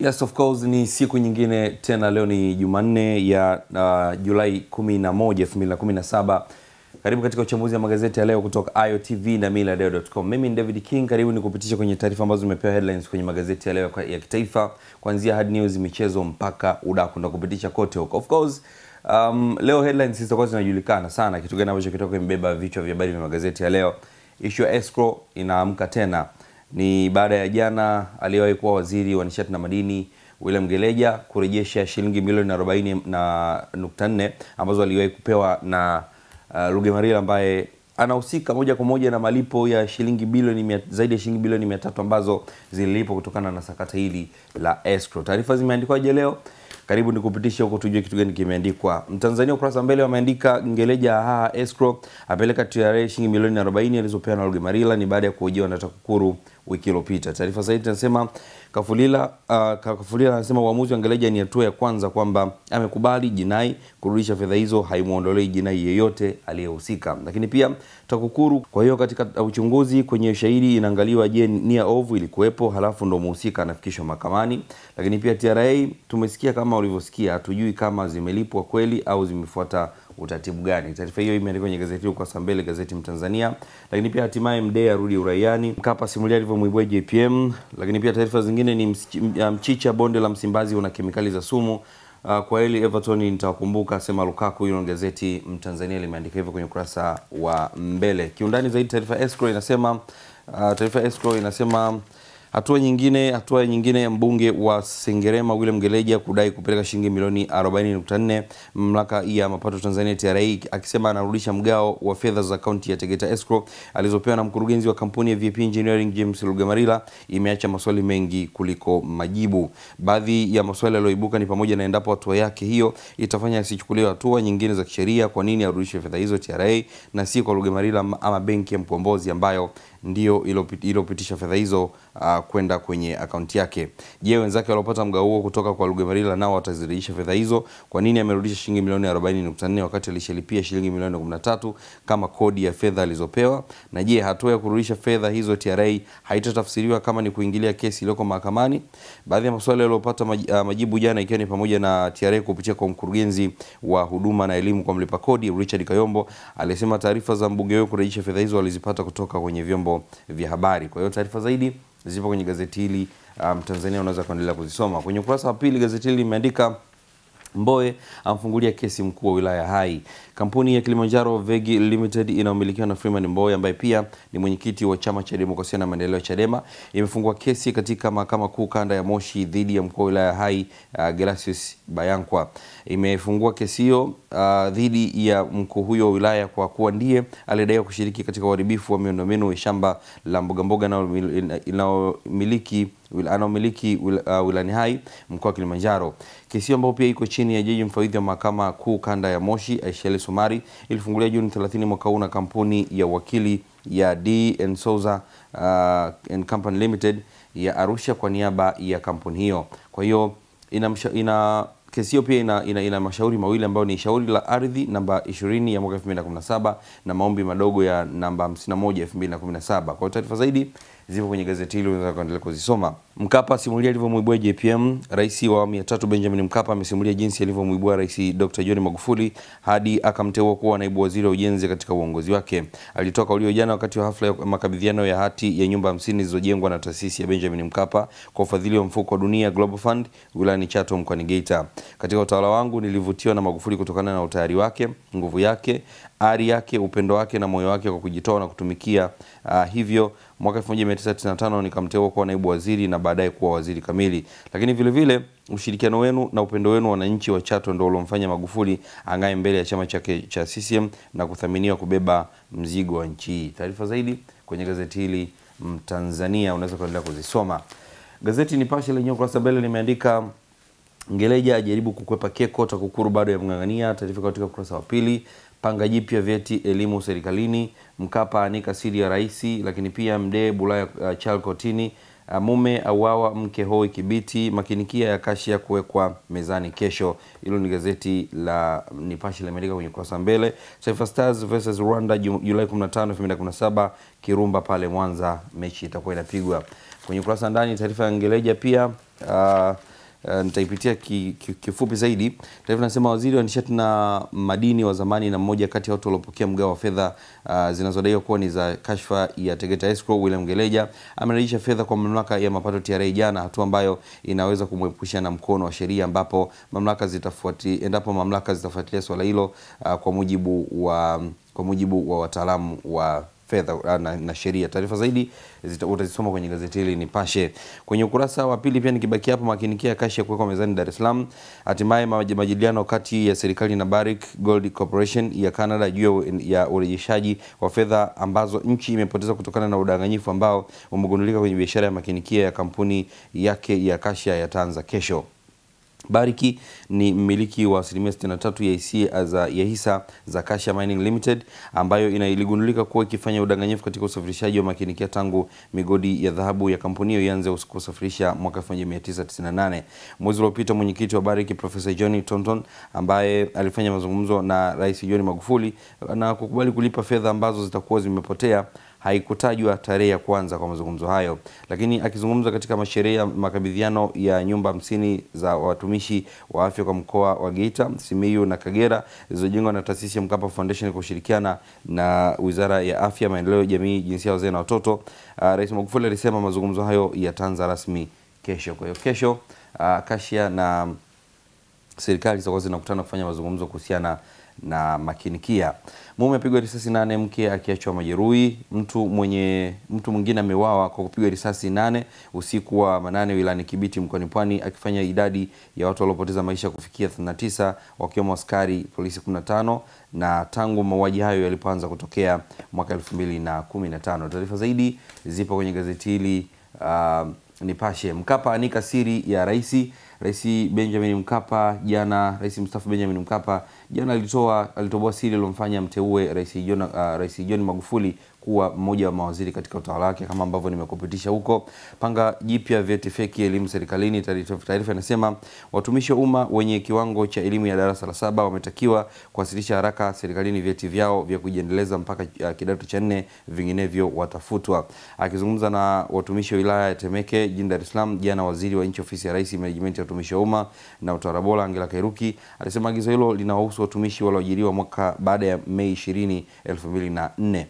Yes, of course ni siku nyingine tena. Leo ni Jumanne ya uh, Julai 11, 2017. Karibu katika uchambuzi wa magazeti ya leo kutoka Ayo na millardayo.com. Mimi ni David King, karibu ni kupitisha kwenye taarifa ambazo zimepewa headlines kwenye magazeti ya leo ya kitaifa, kuanzia hard news, michezo mpaka udaku, na kupitisha kote huko. Of course um, leo headlines zitakuwa zinajulikana sana, kitu gani ambacho kitoka kimebeba vichwa vya habari vya magazeti ya leo. Ishu ya escrow inaamka tena ni baada ya jana aliyewahi kuwa waziri wa nishati na madini William Geleja kurejesha shilingi milioni 40 na nukta nne ambazo aliwahi kupewa na uh, Rugemalira ambaye anahusika moja kwa moja na malipo ya shilingi bilioni zaidi ya shilingi bilioni mia tatu ambazo zililipwa kutokana na sakata hili la escrow. Taarifa zimeandikwaje leo? Karibu ni kupitisha huko tujue kitu gani kimeandikwa. Mtanzania ukurasa mbele wameandika Ngeleja ha escrow apeleka TRA shilingi milioni 40 alizopewa na marila ni baada ya kuhojiwa na TAKUKURU wiki iliyopita. Taarifa zaidi tunasema Kafulila uh, Kafulila anasema uamuzi wa Ngeleja ni hatua ya kwanza kwamba amekubali jinai. Kurudisha fedha hizo haimwondolei jinai yeyote aliyehusika, lakini pia TAKUKURU. Kwa hiyo katika uchunguzi kwenye shahidi inaangaliwa, je, nia ovu ilikuwepo, halafu ndo mhusika anafikishwa mahakamani. Lakini pia TRA tumesikia kama ulivyosikia, hatujui kama zimelipwa kweli au zimefuata utaratibu gani? Taarifa hiyo imeandikwa kwenye gazeti ukurasa mbele gazeti Mtanzania. Lakini pia hatimaye Mdee arudi uraiani, Mkapa simulia alivyomwibua JPM. Lakini pia taarifa zingine ni mchicha, bonde la Msimbazi una kemikali za sumu. Uh, kwa hili Everton nitawakumbuka, asema Lukaku. Hiyo gazeti Mtanzania limeandika hivyo kwenye ukurasa wa mbele. Kiundani zaidi taarifa escrow inasema uh, taarifa escrow inasema Hatua nyingine, hatua nyingine ya mbunge wa Sengerema William Geleja kudai kupeleka shilingi milioni 40.4 mamlaka ya mapato Tanzania TRA, akisema anarudisha mgao wa fedha za kaunti ya Tegeta escrow alizopewa na mkurugenzi wa kampuni ya VP Engineering James Lugamarila, imeacha maswali mengi kuliko majibu. Baadhi ya maswali yaliyoibuka ni pamoja na endapo hatua yake hiyo itafanya asichukuliwe hatua nyingine za kisheria, kwa nini arudishe fedha hizo TRA na si kwa Lugamarila ama benki ya Mkombozi ambayo ndio iliyopitisha fedha hizo uh, kwenda kwenye akaunti yake. Je, wenzake waliopata mgao huo kutoka kwa lugemarila nao watazirudisha fedha hizo? Kwa nini amerudisha shilingi milioni 40.4 wakati alishalipia shilingi milioni 13 kama kodi ya fedha alizopewa? Na je, hatua ya kurudisha fedha hizo TRA haitatafsiriwa kama ni kuingilia kesi iliyoko mahakamani? Baadhi ya maswali yaliyopata maj, uh, majibu jana ikiwa ni pamoja na TRA kupitia kwa mkurugenzi wa huduma na elimu kwa mlipa kodi Richard Kayombo alisema taarifa za mbunge huyo kurejesha fedha hizo walizipata kutoka kwenye vyombo vyombo vya habari. Kwa hiyo taarifa zaidi zipo kwenye gazeti hili Mtanzania, um, unaweza kuendelea kuzisoma kwenye ukurasa wa pili. Gazeti hili limeandika Mboe amfungulia kesi mkuu wa wilaya Hai. Kampuni ya Kilimanjaro Vegi Limited inayomilikiwa na Freeman Mboe ambaye pia ni mwenyekiti wa chama cha demokrasia na maendeleo CHADEMA imefungua kesi katika mahakama kuu kanda ya Moshi dhidi ya mkuu wa wilaya Hai uh, Gelasius Bayankwa. Imefungua kesi hiyo uh, dhidi ya mkuu huyo wa wilaya kwa kuwa ndiye alidaiwa kushiriki katika uharibifu wa miundombinu ya shamba la mbogamboga inayomiliki anaomiliki uh, wilani uh, Hai mkoa wa Kilimanjaro. Kesi ambayo pia iko chini ya jaji mfawidhi wa mahakama kuu kanda ya Moshi Aishele Sumari ilifungulia Juni 30 mwaka huu na kampuni ya wakili ya D and Souza uh, and Company Limited ya Arusha kwa niaba ya kampuni hiyo. Kwa hiyo ina, ina kesi hiyo pia ina, ina, ina mashauri mawili ambayo ni shauri la ardhi namba 20 ya mwaka 2017 na maombi madogo ya namba 51 2017. Kwa taarifa zaidi zipo kwenye gazeti hili, unaweza kuendelea kuzisoma. Mkapa simulia alivyomwibua JPM. Rais wa awamu ya tatu Benjamin Mkapa amesimulia jinsi alivyomwibua Rais Dr. John Magufuli hadi akamteua kuwa naibu waziri wa ujenzi katika uongozi wake. Alitoa kauli hiyo jana wakati wa hafla ya makabidhiano ya hati ya nyumba hamsini zilizojengwa na taasisi ya Benjamin Mkapa kwa ufadhili wa mfuko wa dunia Global Fund wilayani Chato mkoani Geita. Katika utawala wangu nilivutiwa na Magufuli kutokana na utayari wake, nguvu yake ari yake, upendo wake na moyo wake kwa kujitoa na kutumikia. Uh, hivyo mwaka 1995 nikamteua kuwa naibu waziri na baadaye kuwa waziri kamili. Lakini vile vile ushirikiano wenu na upendo wenu wananchi wa Chato ndio uliomfanya Magufuli ang'ae mbele ya chama chake cha CCM na kuthaminiwa kubeba mzigo wa nchi hii. Taarifa zaidi kwenye gazeti hili Mtanzania, unaweza kuendelea kuzisoma. Gazeti Nipashe lenye ukurasa mbele limeandika Ngeleja ajaribu kukwepa keko, TAKUKURU bado ya mng'ang'ania. Taarifa katika ukurasa wa pili panga jipya vyeti elimu serikalini, Mkapa anika siri ya rais, lakini pia Mdee Bulaya uh, Chal kotini, uh, mume auawa mke hoi Kibiti, makinikia ya kashia kuwekwa mezani kesho. Hilo ni gazeti la Nipashe limeandika kwenye kurasa mbele. Taifa Stars versus Rwanda Julai 15, Kirumba pale Mwanza, mechi itakuwa inapigwa. Kwenye kurasa ndani taarifa ya Ngeleja pia uh, Eh, nitaipitia kifupi ki, ki zaidi. Taarifa inasema waziri wa nishati na madini wa zamani na mmoja kati ya watu waliopokea mgao wa fedha uh, zinazodaiwa kuwa ni za kashfa ya Tegeta Escrow, William Geleja amerejesha fedha kwa mamlaka ya mapato TRA jana, hatua ambayo inaweza kumwepusha na mkono wa sheria ambapo mamlaka zitafuati, endapo mamlaka zitafuatilia swala hilo uh, kwa mujibu wa kwa mujibu wa wataalamu wa fedha ah, na, na sheria. Taarifa zaidi utazisoma kwenye gazeti hili Nipashe kwenye ukurasa wa pili. Pia nikibakia hapo, makinikia kashi ya kuwekwa mezani Dar es Salaam. Hatimaye majadiliano kati ya serikali na Barrick Gold Corporation ya Canada juu ya urejeshaji wa fedha ambazo nchi imepoteza kutokana na udanganyifu ambao umegundulika kwenye biashara ya makinikia ya kampuni yake ya ya yataanza kesho. Bariki ni mmiliki wa asilimia 63 ya hisa za ya hisa za Kasha Mining Limited ambayo inaligundulika kuwa ikifanya udanganyifu katika usafirishaji wa makinikia tangu migodi ya dhahabu ya kampuni hiyo ianze kusafirisha mwaka 1998. Mwezi uliopita mwenyekiti wa Bariki Profesa John Tonton ambaye alifanya mazungumzo na Rais John Magufuli na kukubali kulipa fedha ambazo zitakuwa zimepotea haikutajwa tarehe ya kwanza kwa mazungumzo hayo. Lakini akizungumza katika masherehe ya makabidhiano ya nyumba hamsini za watumishi wa afya kwa mkoa wa Geita, Simiyu na Kagera zilizojengwa na taasisi ya Mkapa Foundation kwa kushirikiana na Wizara ya Afya, Maendeleo ya Jamii, Jinsia, Wazee na Watoto, uh, Rais Magufuli alisema mazungumzo hayo yataanza rasmi kesho. Kwa hiyo kesho, uh, Kashia na serikali zitakuwa zinakutana kufanya mazungumzo kuhusiana na Makinikia. Mume apigwa risasi nane, mke akiachwa majeruhi. Mtu mwenye mtu mwingine amewawa kwa kupigwa risasi nane usiku wa manane wilani Kibiti mkoani Pwani, akifanya idadi ya watu waliopoteza maisha kufikia 39 wakiwemo askari polisi 15 na tangu mauaji hayo yalipoanza kutokea mwaka 2015. Taarifa zaidi zipo kwenye gazeti hili uh, Nipashe. Mkapa anika siri ya rais. Rais Benjamin Mkapa jana, rais mstaafu Benjamin Mkapa jana alitoa alitoboa siri iliyomfanya mteue Rais John, uh, Rais John Magufuli kuwa mmoja wa mawaziri katika utawala wake kama ambavyo nimekupitisha huko. Panga jipya vyeti feki elimu serikalini, taarifa inasema watumishi wa umma wenye kiwango cha elimu ya darasa la saba wametakiwa kuwasilisha haraka serikalini vyeti vyao vya kujiendeleza mpaka uh, kidato cha nne, vinginevyo watafutwa. Akizungumza na watumishi wa wilaya ya Temeke jijini Dar es Salaam jana, waziri wa nchi ofisi ya Rais, menejimenti ya watumishi wa umma na utawala bora Angela Kairuki alisema agizo hilo linawahusu kuhusu watumishi walioajiriwa mwaka baada ya Mei 20, 2004.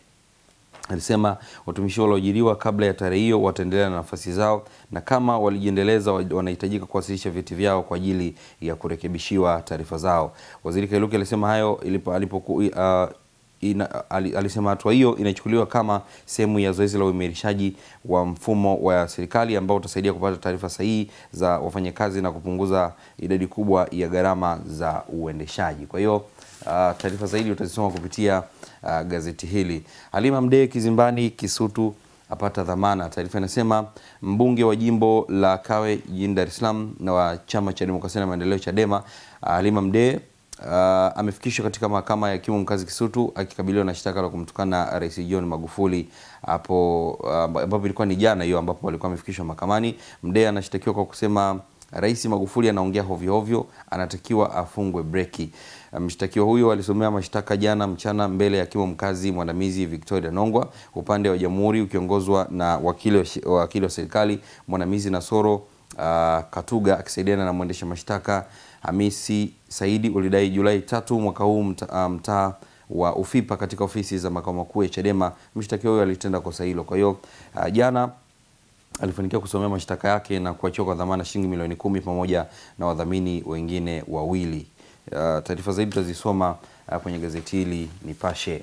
Alisema watumishi walioajiriwa kabla ya tarehe hiyo wataendelea na nafasi zao na kama walijiendeleza wanahitajika kuwasilisha vyeti vyao kwa ajili ya kurekebishiwa taarifa zao. Waziri Kairuki alisema hayo ilipo, alipo, uh, ina, alisema hatua hiyo inachukuliwa kama sehemu ya zoezi la uimarishaji wa mfumo wa serikali ambao utasaidia kupata taarifa sahihi za wafanyakazi na kupunguza idadi kubwa ya gharama za uendeshaji. Kwa hiyo uh, taarifa zaidi utazisoma kupitia uh, gazeti hili. Halima Mdee kizimbani Kisutu apata dhamana. Taarifa inasema mbunge wa jimbo la Kawe jijini Dar es Salaam na wa chama cha demokrasia na maendeleo Chadema uh, Halima Mdee uh, amefikishwa katika mahakama ya hakimu mkazi Kisutu akikabiliwa na shtaka la kumtukana Rais John Magufuli hapo uh, ambapo ilikuwa ni jana hiyo ambapo walikuwa amefikishwa mahakamani. Mdee anashtakiwa kwa kusema Rais Magufuli anaongea hovyo hovyo, anatakiwa afungwe breki. Mshtakiwa huyo alisomea mashtaka jana mchana mbele ya hakimu mkazi mwandamizi Victoria Nongwa, upande wa jamhuri ukiongozwa na wakili, wakili wa serikali mwandamizi Nasoro uh, Katuga akisaidiana na mwendesha mashtaka Hamisi Saidi ulidai Julai tatu mwaka huu ah, mtaa mta, wa Ufipa katika ofisi za makao makuu ya Chadema. Mshtakiwa huyo alitenda kosa hilo. Kwa hiyo uh, jana alifanikiwa kusomea mashtaka yake na kuachiwa kwa dhamana shilingi milioni kumi pamoja na wadhamini wengine wawili. Uh, taarifa zaidi tutazisoma uh, kwenye gazeti hili Nipashe.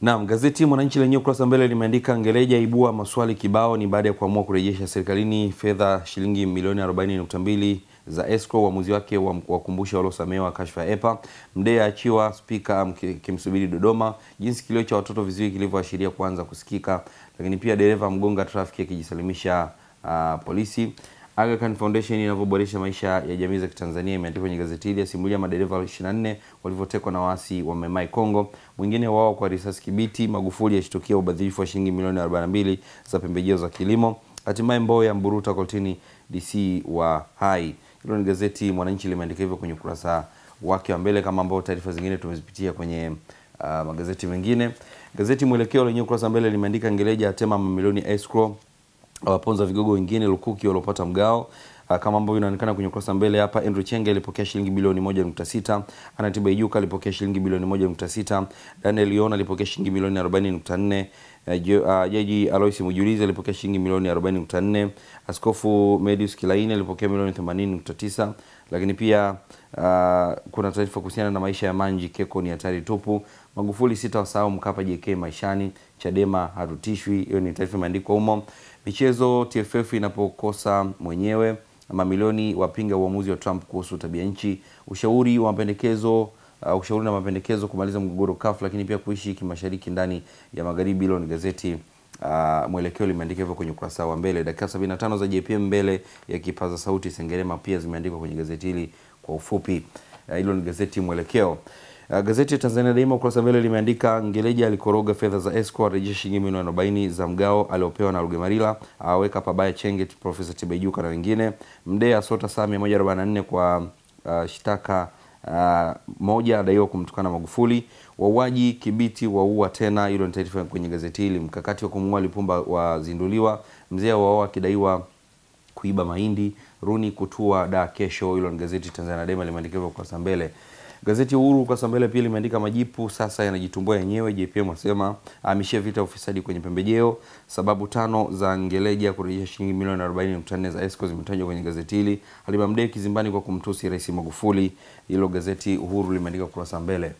Naam, gazeti Mwananchi lenyewe ukurasa mbele limeandika Ngeleja ibua maswali kibao, ni baada ya kuamua kurejesha serikalini fedha shilingi milioni 40.2 za escrow, uamuzi wake wakumbusha waliosamehewa kashfa ya EPA. Mdee achiwa, spika kimsubiri Dodoma, jinsi kilio cha watoto viziwi kilivyoashiria kuanza kusikika, lakini pia dereva mgonga trafiki akijisalimisha uh, polisi. Aga Khan Foundation inavyoboresha maisha ya jamii za Kitanzania imeandikwa kwenye gazeti hili, asimulia madereva 24 walivyotekwa na waasi wa Maimai Kongo, mwingine wao kwa risasi Kibiti. Magufuli yashtukia ubadhirifu wa shilingi milioni 42 za pembejeo za kilimo. Hatimaye Mbowe ya mburuta kotini DC wa Hai. Hilo ni gazeti Mwananchi limeandika hivyo kwenye ukurasa wake wa mbele, kama ambao taarifa zingine tumezipitia kwenye uh, magazeti mengine. Gazeti Mwelekeo lenye ukurasa mbele limeandika Ngeleja atema mamilioni escrow waponza vigogo wengine lukuki waliopata mgao ah, kama ambavyo inaonekana kwenye ukurasa mbele hapa, Andrew Chenge alipokea shilingi bilioni 1.6, Anatiba Ijuka alipokea shilingi bilioni 1.6, Daniel Yona alipokea shilingi milioni 40.4, eh, ah, Jaji Alois Mujulizi alipokea shilingi milioni 40.4, Askofu Medius Kilaini alipokea milioni 80.9, lakini pia uh, kuna taarifa kuhusiana na maisha ya Manji Keko ni hatari tupu. Magufuli sita wasahau Mkapa JK maishani, Chadema harutishwi. Hiyo ni taarifa imeandikwa umo. Michezo, TFF inapokosa mwenyewe. Mamilioni wapinga uamuzi wa Trump kuhusu tabia nchi. Ushauri wa mapendekezo uh, ushauri na mapendekezo kumaliza mgogoro CAF, lakini pia kuishi kimashariki ndani ya magharibi. Hilo ni gazeti Uh, Mwelekeo limeandika hivyo kwenye ukurasa wa mbele. Dakika tano za JPM mbele ya kipaza sauti Sengerema pia zimeandikwa kwenye gazeti hili kwa ufupi. Uh, hilo uh, ni gazeti Mwelekeo. Uh, gazeti ya Tanzania Daima ukurasa mbele limeandika Ngeleja alikoroga fedha za escrow arejesha shilingi milioni 40 za mgao aliopewa na Rugemalira, aweka uh, pabaya Chenge, Profesa Tibaijuka na wengine. Mdee asota saa 144 kwa uh, shtaka uh, moja adaiwa kumtukana Magufuli. Wauaji Kibiti waua tena, hilo ni taarifa kwenye gazeti hili. Mkakati wa kumng'oa Lipumba wazinduliwa. Mzee waoa akidaiwa kuiba mahindi. Runi kutua da kesho, hilo ni gazeti Tanzania Daima limeandikiwa ukurasa mbele. Gazeti Uhuru kwa mbele pia limeandika majipu sasa yanajitumbua yenyewe, JPM asema ahamishe vita ufisadi kwenye pembejeo. Sababu tano za Ngeleja kurejesha shilingi milioni 40.4 za Esco zimetajwa kwenye gazeti hili. Halima Mdee kizimbani kwa kumtusi Rais Magufuli. Hilo gazeti Uhuru limeandika kurasa mbele.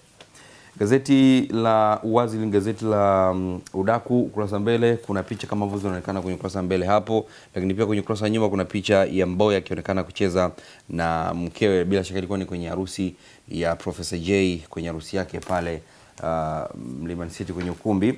Gazeti la Uwazi ni gazeti la um, udaku ukurasa mbele, kuna picha kama ambavyo zinaonekana kwenye ukurasa mbele hapo, lakini pia kwenye ukurasa nyuma kuna picha ya Mboya akionekana kucheza na mkewe, bila shaka ilikuwa ni kwenye harusi ya Profesa j kwenye harusi yake pale uh, Mlimani City kwenye ukumbi.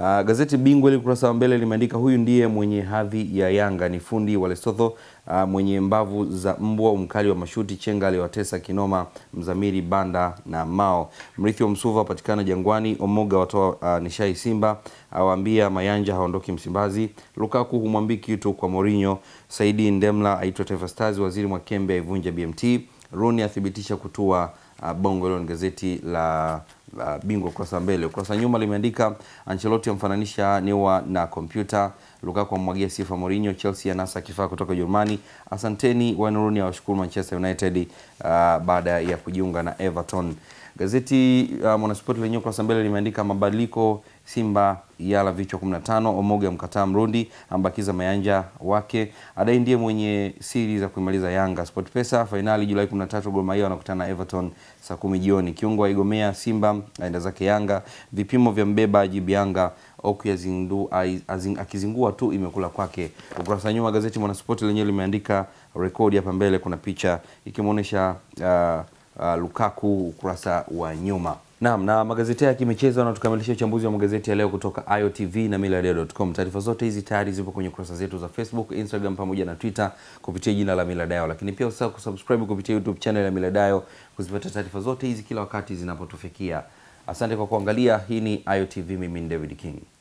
Uh, gazeti Bingwa ile kurasa wa mbele limeandika huyu ndiye mwenye hadhi ya Yanga, ni fundi wa Lesotho uh, mwenye mbavu za mbwa, umkali wa mashuti, chenga aliyowatesa kinoma, Mzamiri Banda na Mao. Mrithi wa Msuva apatikana Jangwani, Omoga watoa uh, nishai Simba, awaambia Mayanja haondoki Msimbazi, Lukaku humwambii kitu kwa Mourinho, Saidi Ndemla aitwa Taifa Stars, Waziri Mwakembe aivunja BMT, Rooney athibitisha kutua uh, Bongo. Leo ni gazeti la uh, bingwa ukurasa mbele. Ukurasa nyuma limeandika Ancelotti amfananisha Neuer na kompyuta. Lukaku amwagia sifa Mourinho. Chelsea anasa kifaa kutoka Ujerumani. Asanteni Wayne Rooney awashukuru Manchester United uh, baada ya kujiunga na Everton. Gazeti uh, Mwanaspoti lenyewe ukurasa mbele limeandika mabadiliko Simba yala vichwa 15, Omoga mkataa Mrundi, ambakiza mayanja wake, adai ndiye mwenye siri za kuimaliza Yanga. Sport Pesa, fainali Julai 13, Gor Mahia wanakutana na Everton saa kumi jioni. Kiungo aigomea Simba aenda zake Yanga, vipimo vya mbeba ajibu Yanga Oku yazindu, azing, akizingua tu imekula kwake. Ukurasa nyuma gazeti Mwanaspoti lenyewe limeandika rekodi hapa mbele, kuna picha ikimwonyesha uh, uh, Lukaku ukurasa wa nyuma. Naam, na magazeti ya kimichezo tukamilisha uchambuzi wa magazeti ya leo kutoka iotv na millardayo.com. Taarifa zote hizi tayari zipo kwenye kurasa zetu za Facebook, Instagram pamoja na Twitter kupitia jina la miladayo lakini pia usisahau kusubscribe kupitia YouTube channel ya miladayo kuzipata taarifa zote hizi kila wakati zinapotufikia. Asante kwa kuangalia. Hii ni iotv mimi ni David King.